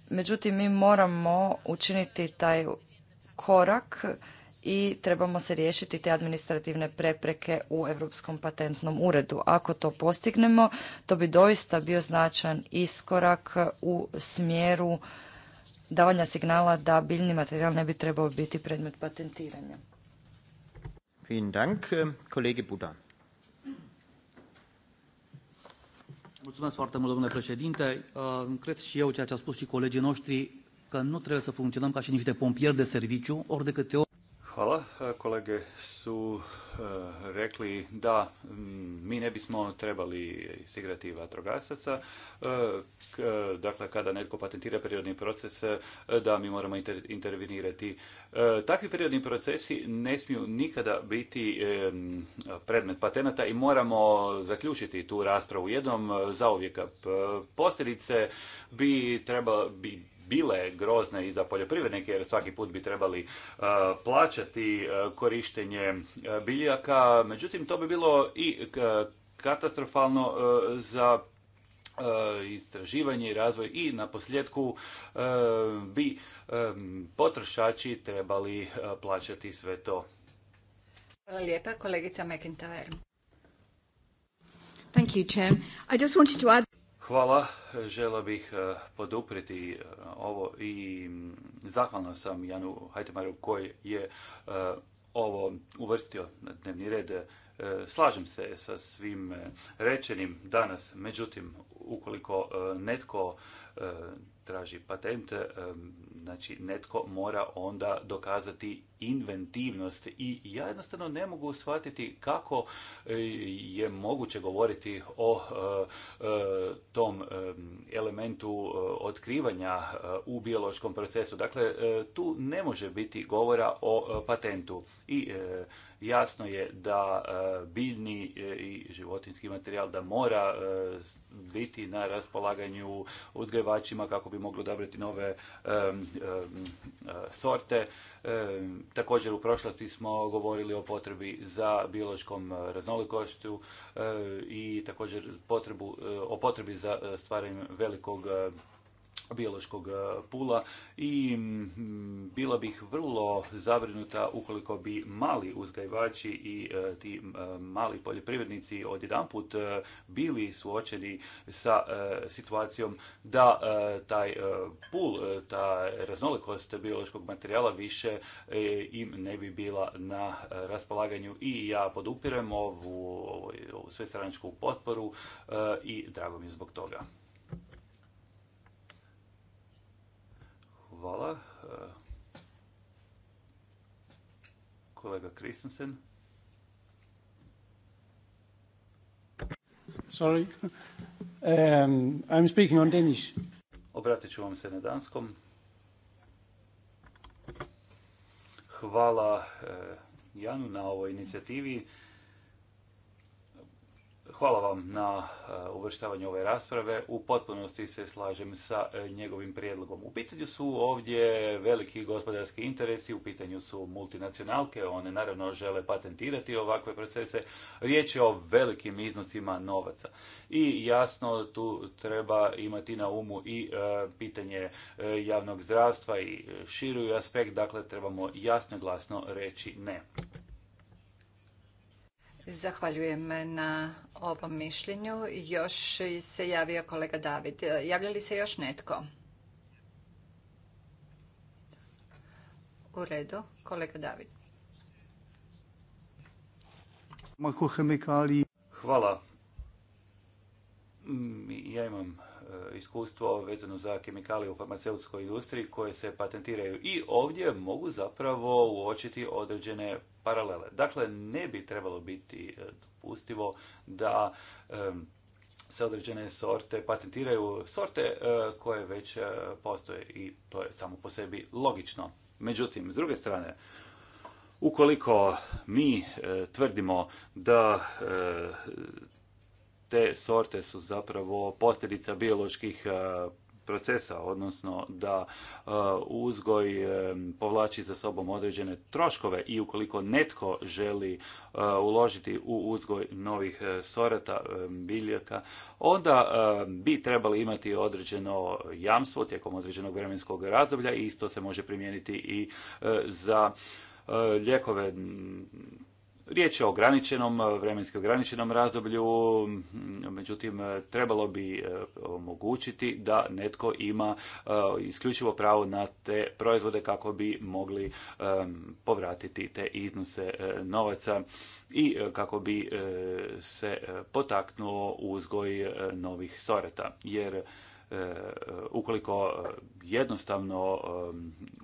Međutim, mi moramo učiniti taj korak i trebamo se riješiti te administrativne prepreke u Europskom patentnom uredu. Ako to postignemo, to bi doista bio značan iskorak u smjeru davanja signala da biljni materijal ne bi trebao biti predmet patentiranja. Vielen Dank, äh, kolege Buda. Mulțumesc foarte mult, domnule președinte. Äh, cred și eu ceea ce au spus și colegii noștri, că nu trebuie să funcționăm ca și niște pompieri de serviciu, ori de câte ori Hvala. E, kolege su e, rekli da mi ne bismo trebali sigrati vatrogasaca. E, dakle, kada netko patentira periodni proces, da mi moramo intervenirati. Takvi periodni procesi ne smiju nikada biti predmet patenata i moramo zaključiti tu raspravu jednom za uvijek Posljedice bi trebali bile grozne i za poljoprivrednike jer svaki put bi trebali e, plaćati e, korištenje e, biljaka. Međutim, to bi bilo i katastrofalno za istraživanje i razvoj i na posljedku bi potrošači trebali plaćati sve to. Hvala lijepa, kolegica McIntyre. Thank you, Hvala, žela bih e, podupriti e, ovo i zahvalno sam Janu Hajtemaru koji je e, ovo uvrstio na dnevni red. Slažem se sa svim rečenim danas, međutim, ukoliko netko traži patent, znači netko mora onda dokazati inventivnost i ja jednostavno ne mogu shvatiti kako e, je moguće govoriti o e, e, tom elementu otkrivanja u biološkom procesu. Dakle, tu ne može biti govora o patentu. I Jasno je da e, biljni e, i životinski materijal da mora e, biti na raspolaganju uzgajivačima kako bi mogli odabrati nove sorte. Također u prošlosti smo govorili o potrebi za biološkom raznolikošću i također o potrebi za stvaranjem velikog biološkog e, pula i bila bih vrlo zabrinuta ukoliko bi mali uzgajivači i e, ti e, mali poljoprivrednici odjedanput bili suočeni sa situacijom da taj pul, ta raznolikost biološkog materijala više im ne bi bila na raspolaganju i ja podupirem ovu, ovaj, ovu svestranačku potporu i drago mi zbog toga. Hvala. E, kolega Kristensen. Sorry. Um, I'm speaking on Danish. Obratit ću vam se na danskom. Hvala e, Janu na ovoj inicijativi. Hvala vam na eh, uvrštavanju ove rasprave. U potpunosti se slažem sa eh, njegovim prijedlogom. U pitanju su ovdje veliki gospodarski interesi, u pitanju su multinacionalke, one naravno žele patentirati ovakve procese. Riječ je o velikim iznosima novaca. I jasno tu treba imati na umu i eh, pitanje javnog zdravstva i širuju aspekt, dakle trebamo jasno glasno reći ne. Zahvaljujem na ovom mišljenju. Još se javio kolega David. Javlja li se još netko? U redu, kolega David. Hvala. Mm, ja imam e, iskustvo vezano za kemikalije u farmaceutskoj industriji koje se patentiraju i ovdje mogu zapravo uočiti određene paralele. Dakle, ne bi trebalo biti e, dopustivo da se određene sorte patentiraju sorte e, koje već e, postoje i to je samo po sebi logično. Međutim, s druge strane, ukoliko mi tvrdimo da te sorte su zapravo posljedica bioloških procesa, odnosno da e, uzgoj e, povlači za sobom određene troškove i ukoliko netko želi e, uložiti u uzgoj novih sorata biljaka, onda bi trebali imati određeno jamstvo tijekom određenog vremenskog razdoblja i isto se može primijeniti i za ljekove, Riječ je o ograničenom, e, vremenski ograničenom razdoblju, međutim e, trebalo bi e, omogućiti da netko ima isključivo pravo na te proizvode kako bi mogli povratiti te iznose novaca i kako bi se potaknuo uzgoj novih sorata. Jer ukoliko jednostavno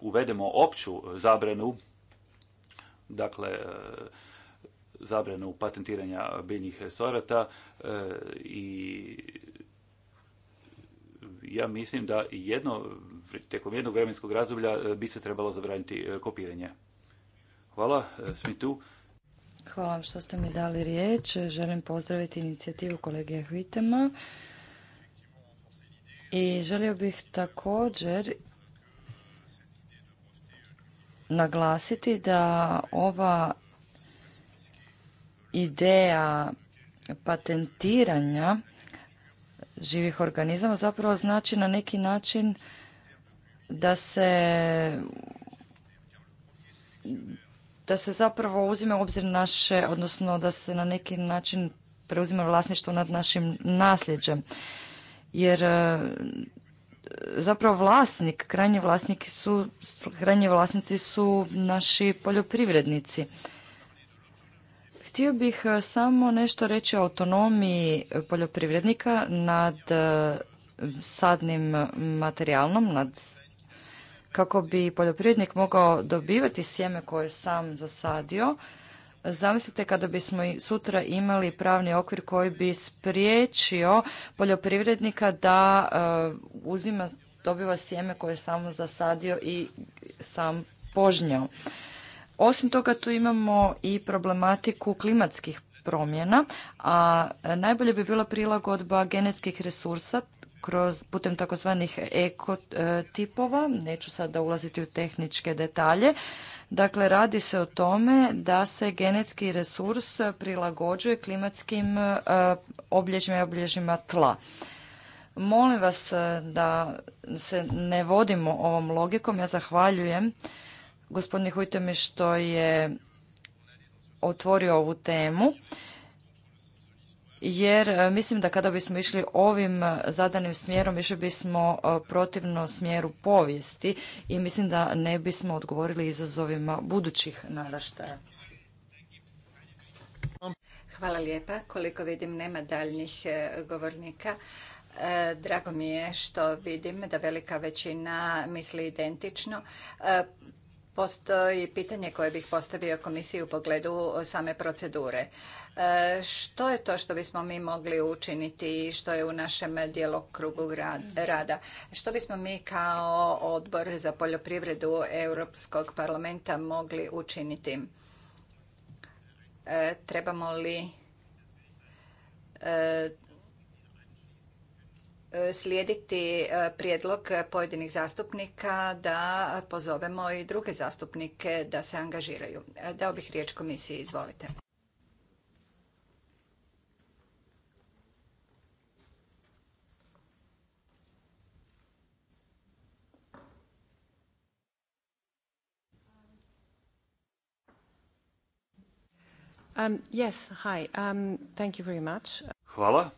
uvedemo opću zabranu, dakle zabranu patentiranja biljnih sorata e, i ja mislim da jedno, tijekom jednog vremenskog razdoblja e, bi se trebalo zabraniti e, kopiranje. Hvala, svi tu. Hvala vam što ste mi dali riječ. Želim pozdraviti inicijativu kolege Hvitema. I želio bih također naglasiti da ova ideja patentiranja živih organizama zapravo znači na neki način da se da se zapravo uzime u obzir naše, odnosno da se na neki način preuzima vlasništvo nad našim nasljeđem. Jer e, zapravo vlasnik, krajnji vlasnici su, krajnji vlasnici su naši poljoprivrednici. Htio bih e, samo nešto reći o autonomiji poljoprivrednika nad e, sadnim materijalnom, nad kako bi poljoprivrednik mogao dobivati sjeme koje sam zasadio. Zamislite kada bismo sutra imali pravni okvir koji bi spriječio poljoprivrednika da e, uzima, dobiva sjeme koje je sam zasadio i sam požnjao. Osim toga tu imamo i problematiku klimatskih promjena, a najbolje bi bila prilagodba genetskih resursa kroz putem takozvanih ekotipova, neću sada ulaziti u tehničke detalje. Dakle, radi se o tome da se genetski resurs prilagođuje klimatskim e, obilježjima i obilježjima tla. Molim vas e, da se ne vodimo ovom logikom. Ja zahvaljujem gospodine Hujteme što je otvorio ovu temu jer e, mislim da kada bismo išli ovim zadanim smjerom više bismo e, protivno smjeru povijesti i mislim da ne bismo odgovorili izazovima budućih naraštaja. Hvala lijepa. Koliko vidim nema daljnjih e, govornika. Drago mi je što vidim da velika većina misli identično. Postoji pitanje koje bih postavio komisiji u pogledu same procedure. E, što je to što bismo mi mogli učiniti i što je u našem djelokrugu rada? Što bismo mi kao odbor za poljoprivredu Europskog parlamenta mogli učiniti? E, trebamo li e, slijediti e, prijedlog pojedinih zastupnika da pozovemo i druge zastupnike da se angažiraju. E, dao bih riječ komisiji, izvolite. Um, um, Hvala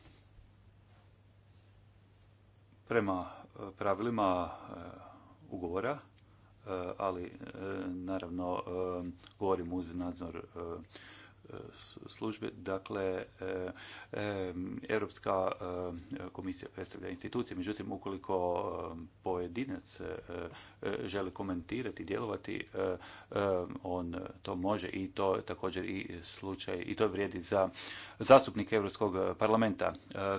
prema eh, pravilima eh, ugovora, eh, ali naravno govorim uz nadzor službe, dakle e, e, Europska e, komisija predstavlja institucije, međutim ukoliko pojedinac želi komentirati, djelovati, on to može i to je također i slučaj i to vrijedi za zastupnike Europskog parlamenta.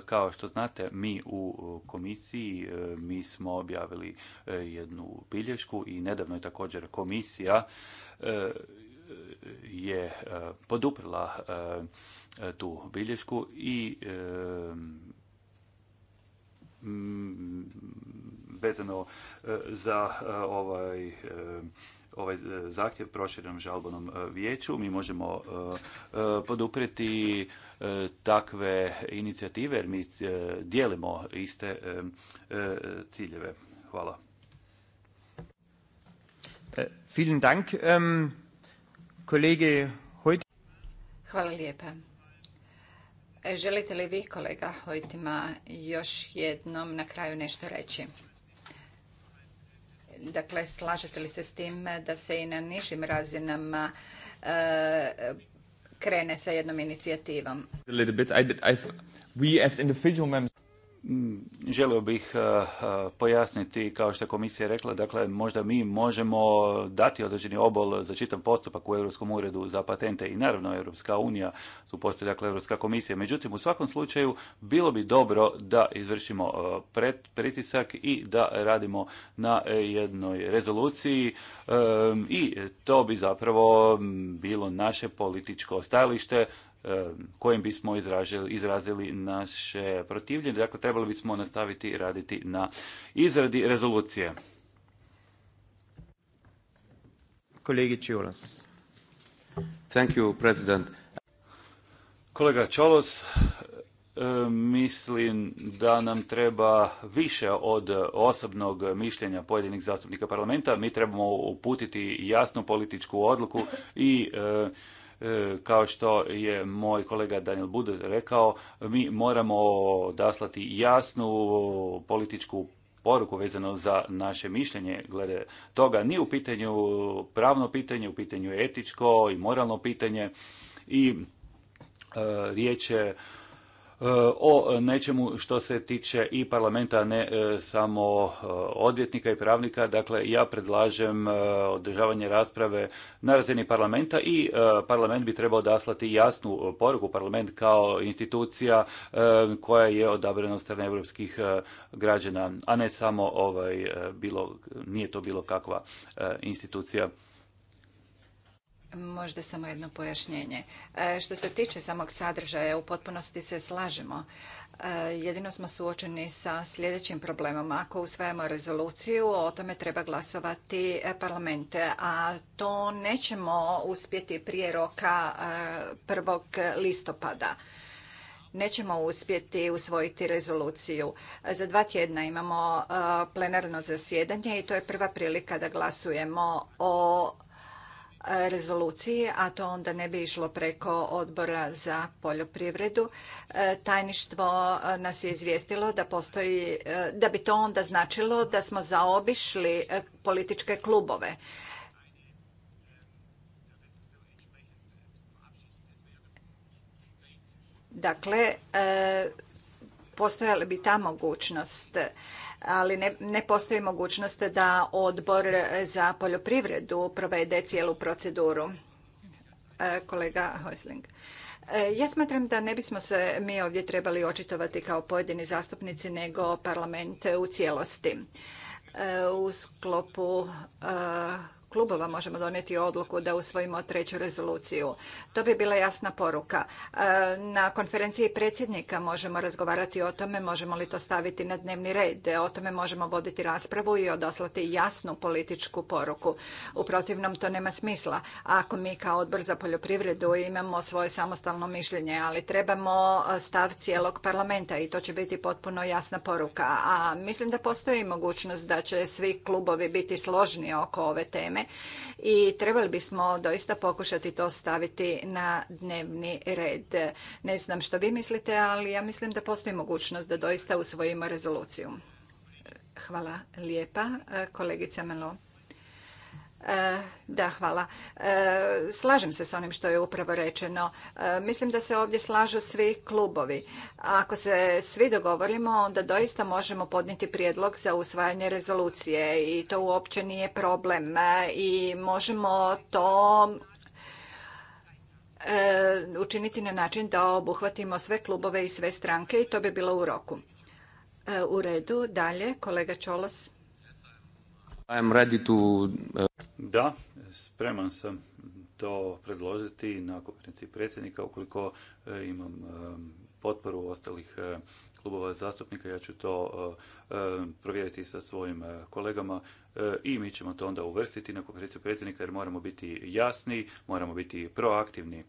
Kao što znate, mi u komisiji mi smo objavili jednu bilješku i nedavno je također komisija je e, poduprla e, e, tu bilješku i vezano za ovaj ovaj zahtjev proširenom žalbenom vijeću. Mi možemo poduprijeti takve inicijative jer mi dijelimo iste ciljeve. Hvala. Vielen Dank. Ähm, Kolege Hvala lijepa. E, želite li vi, kolega Hojtima, još jednom na kraju nešto reći? Dakle, slažete li se s tim da se i na nižim razinama e, krene sa jednom inicijativom? Mm, želio bih eh, eh, pojasniti, kao što je komisija rekla, dakle možda mi možemo dati određeni obol za čitav postupak u Europskom uredu za patente i naravno Europska unija, tu postoji dakle Europska komisija. Međutim, u svakom slučaju bilo bi dobro da izvršimo eh, pritisak i da radimo na jednoj rezoluciji i to bi zapravo mm, bilo naše političko stajalište kojim bismo izražili, izrazili naše protivljenje. Dakle, trebali bismo nastaviti raditi na izradi rezolucije. Kolegi Thank you, President. Kolega Čolos, mislim da nam treba više od osobnog mišljenja pojedinih zastupnika parlamenta. Mi trebamo uputiti jasnu političku odluku i E, kao što je moj kolega Daniel Bude rekao, mi moramo daslati jasnu političku poruku vezano za naše mišljenje glede toga. Ni u pitanju pravno pitanje, u pitanju etičko i moralno pitanje i e, riječ je E, o nečemu što se tiče i parlamenta, ne e, samo e, odvjetnika i pravnika. Dakle, ja predlažem održavanje rasprave na razini parlamenta i parlament bi trebao daslati jasnu poruku. Parlament kao institucija koja je odabrana od strane europskih građana, a ne samo ovaj, bilo, nije to bilo kakva institucija. Možda samo jedno pojašnjenje. E, što se tiče samog sadržaja, u potpunosti se slažemo. E, jedino smo suočeni sa sljedećim problemom. Ako usvajamo rezoluciju, o tome treba glasovati e, parlamente. a to nećemo uspjeti prije roka 1. listopada nećemo uspjeti usvojiti rezoluciju. Za dva tjedna imamo plenarno zasjedanje i to je prva prilika da glasujemo o rezoluciji, a to onda ne bi išlo preko odbora za poljoprivredu. E, tajništvo e, nas je izvijestilo da postoji, e, da bi to onda značilo da smo zaobišli političke klubove. Dakle, postojala bi ta mogućnost ali ne, ne postoji mogućnost da odbor za poljoprivredu provede cijelu proceduru. E, kolega Hojsling. E, ja smatram da ne bismo se mi ovdje trebali očitovati kao pojedini zastupnici, nego parlament u cijelosti. E, u sklopu klubova možemo donijeti odluku da usvojimo treću rezoluciju. To bi bila jasna poruka. E, na konferenciji predsjednika možemo razgovarati o tome možemo li to staviti na dnevni red. E, o tome možemo voditi raspravu i odoslati jasnu političku poruku. U protivnom to nema smisla. Ako mi kao odbor za poljoprivredu imamo svoje samostalno mišljenje, ali trebamo e, stav cijelog parlamenta i to će biti potpuno jasna poruka. A mislim da postoji mogućnost da će svi klubovi biti složni oko ove teme i trebali bismo doista pokušati to staviti na dnevni red. Ne znam što vi mislite, ali ja mislim da postoji mogućnost da doista usvojimo rezoluciju. Hvala lijepa, kolegica Melo. E, da, hvala. E, slažem se s onim što je upravo rečeno. E, mislim da se ovdje slažu svi klubovi. Ako se svi dogovorimo, onda doista možemo podniti prijedlog za usvajanje rezolucije i to uopće nije problem i možemo to učiniti na način da obuhvatimo sve klubove i sve stranke i to bi bilo u roku. U redu, dalje, kolega Čolos. Uh, da, spreman sam to predložiti na konferenciji predsjednika. Ukoliko eh, imam eh, potporu ostalih eh, klubova zastupnika, ja ću to provjeriti sa svojim kolegama i mi ćemo to onda uvrstiti na konferenciju predsjednika jer moramo biti jasni, moramo biti proaktivni.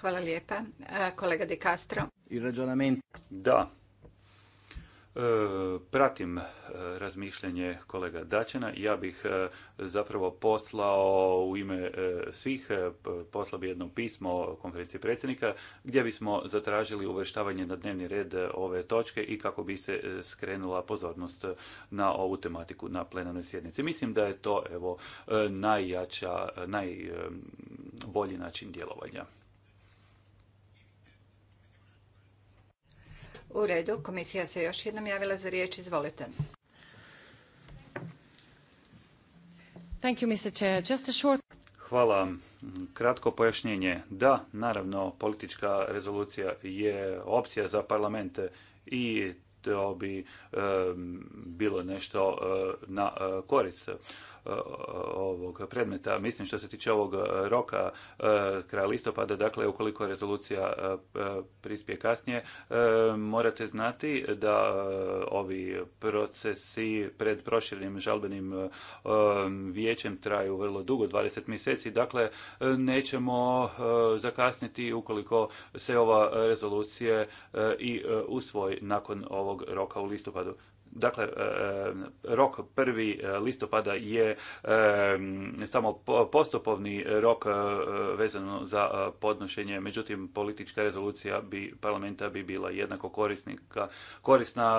Hvala lijepa. Kolega De Castro. Da, E, pratim e, razmišljanje kolega Dačena ja bih e, zapravo poslao u ime svih, poslao bi jedno pismo konferenciji predsjednika gdje bismo zatražili uvrštavanje na dnevni red ove točke i kako bi se skrenula pozornost na ovu tematiku na plenarnoj sjednici. Mislim da je to evo najjača, najbolji način djelovanja. U redu, komisija se još jednom javila za riječ, izvolite. Hvala. Kratko pojašnjenje. Da, naravno, politička rezolucija je opcija za parlamente i to bi bilo nešto eh, na eh, korist. E, ovog predmeta. Mislim što se tiče ovog roka e, kraja listopada, dakle ukoliko rezolucija e, prispije kasnije, morate znati da ovi procesi pred proširenim žalbenim vijećem traju vrlo dugo, 20 mjeseci, dakle nećemo zakasniti ukoliko se ova rezolucija i usvoji nakon ovog roka u listopadu. Dakle, e, e, rok prvi e, listopada je samo postupovni rok vezano za podnošenje, međutim politička rezolucija bi, parlamenta bi bila jednako korisnika, korisna,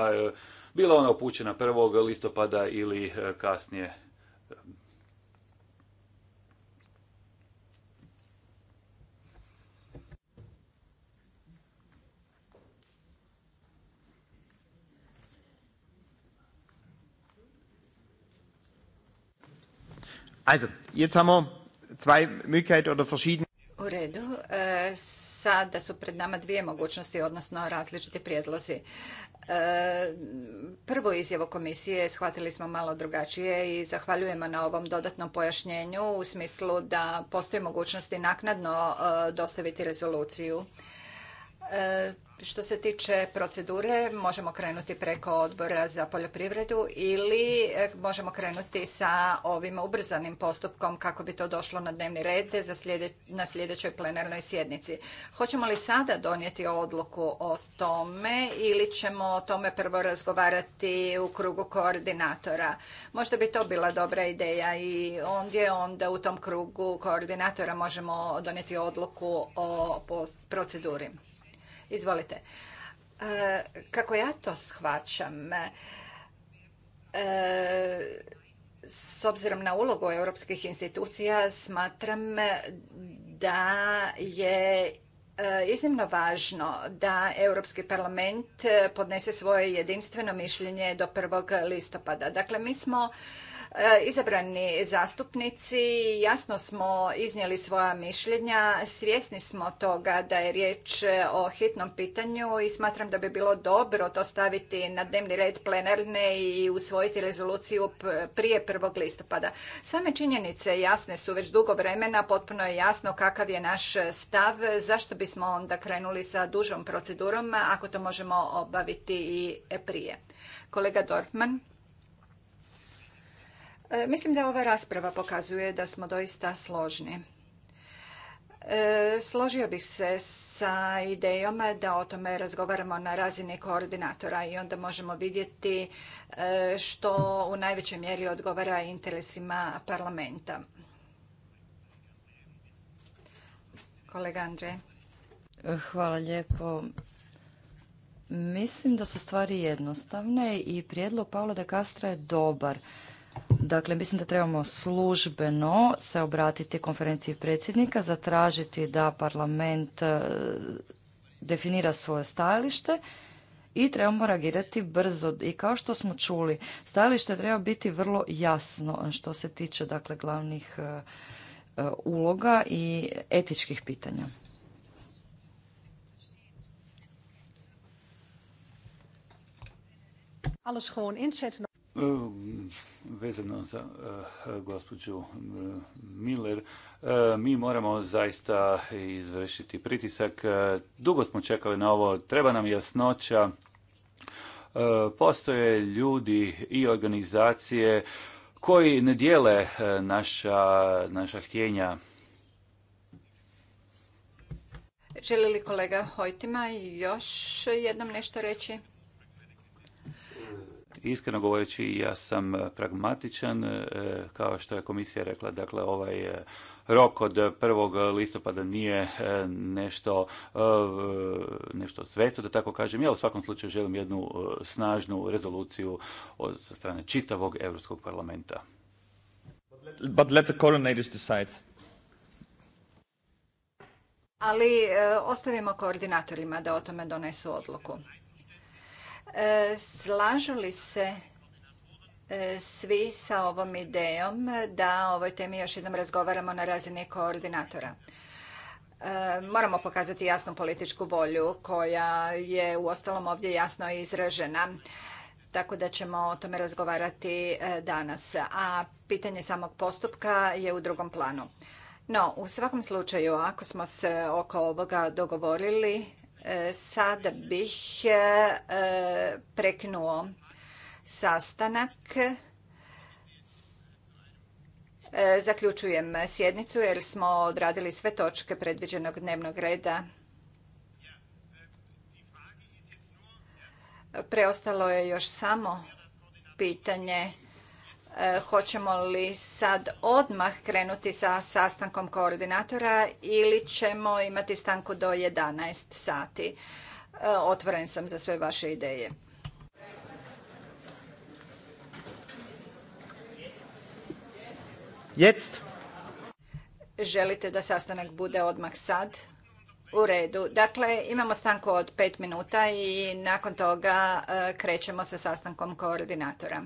bila ona upućena prvog listopada ili kasnije Also, jetzt haben wir zwei Möglichkeiten oder U redu. E, sada su pred nama dvije mogućnosti, odnosno različiti prijedlozi. Prvo e, prvu izjavu komisije shvatili smo malo drugačije i zahvaljujemo na ovom dodatnom pojašnjenju u smislu da postoji mogućnosti naknadno e, dostaviti rezoluciju. Što se tiče procedure, možemo krenuti preko odbora za poljoprivredu ili e, možemo krenuti sa ovim ubrzanim postupkom kako bi to došlo na dnevni red za na sljedećoj plenarnoj sjednici. Hoćemo li sada donijeti odluku o tome ili ćemo o tome prvo razgovarati u krugu koordinatora? Možda bi to bila dobra ideja i ondje onda u tom krugu koordinatora možemo donijeti odluku o proceduri. Izvolite. E, kako ja to shvaćam, e, s obzirom na ulogu europskih institucija smatram da je e, iznimno važno da Europski parlament podnese svoje jedinstveno mišljenje do 1. listopada. Dakle, mi smo E, izabrani zastupnici jasno smo iznijeli svoja mišljenja, svjesni smo toga da je riječ o hitnom pitanju i smatram da bi bilo dobro to staviti na dnevni red plenarne i usvojiti rezoluciju prije 1. listopada. Same činjenice jasne su već dugo vremena, potpuno je jasno kakav je naš stav, zašto bismo onda krenuli sa dužom procedurom ako to možemo obaviti i prije. Kolega Dorfman. E, mislim da ova rasprava pokazuje da smo doista složni. E, složio bih se sa idejom da o tome razgovaramo na razini koordinatora i onda možemo vidjeti e, što u najvećoj mjeri odgovara interesima parlamenta. Kolega Andre. Hvala lijepo. Mislim da su stvari jednostavne i prijedlog Paula de Castra je dobar. Dakle, mislim da trebamo službeno se obratiti konferenciji predsjednika, zatražiti da parlament e, definira svoje stajalište i trebamo reagirati brzo. I kao što smo čuli, stajalište treba biti vrlo jasno što se tiče dakle, glavnih e, e, uloga i etičkih pitanja. Alles E, vezano za e, gospođu e, Miller, mi moramo zaista izvršiti pritisak. dugo smo čekali na ovo, treba nam jasnoća. Postoje ljudi i organizacije koji ne dijele naša, naša htjenja. Želi li kolega Hojtima još jednom nešto reći? Iskreno govoreći, ja sam e, pragmatičan, e, kao što je komisija rekla, dakle ovaj e, rok od 1. listopada nije nešto, nešto sveto, da tako kažem. Ja u svakom slučaju želim jednu snažnu rezoluciju od, sa strane čitavog Europskog parlamenta. the decide. Ali ostavimo koordinatorima da o tome donesu odluku. E, slažu li se e, svi sa ovom idejom da o ovoj temi još jednom razgovaramo na razini koordinatora? E, moramo pokazati jasnu političku volju koja je u ostalom ovdje jasno izražena. Tako da ćemo o tome razgovarati danas. A pitanje samog postupka je u drugom planu. No, u svakom slučaju, ako smo se oko ovoga dogovorili, E, Sada bih e, preknuo sastanak. E, zaključujem sjednicu jer smo odradili sve točke predviđenog dnevnog reda. Preostalo je još samo pitanje E, hoćemo li sad odmah krenuti sa sastankom koordinatora ili ćemo imati stanku do 11 sati? E, otvoren sam za sve vaše ideje. Jetzt. Želite da sastanak bude odmah sad? U redu. Dakle, imamo stanku od pet minuta i nakon toga e, krećemo sa sastankom koordinatora.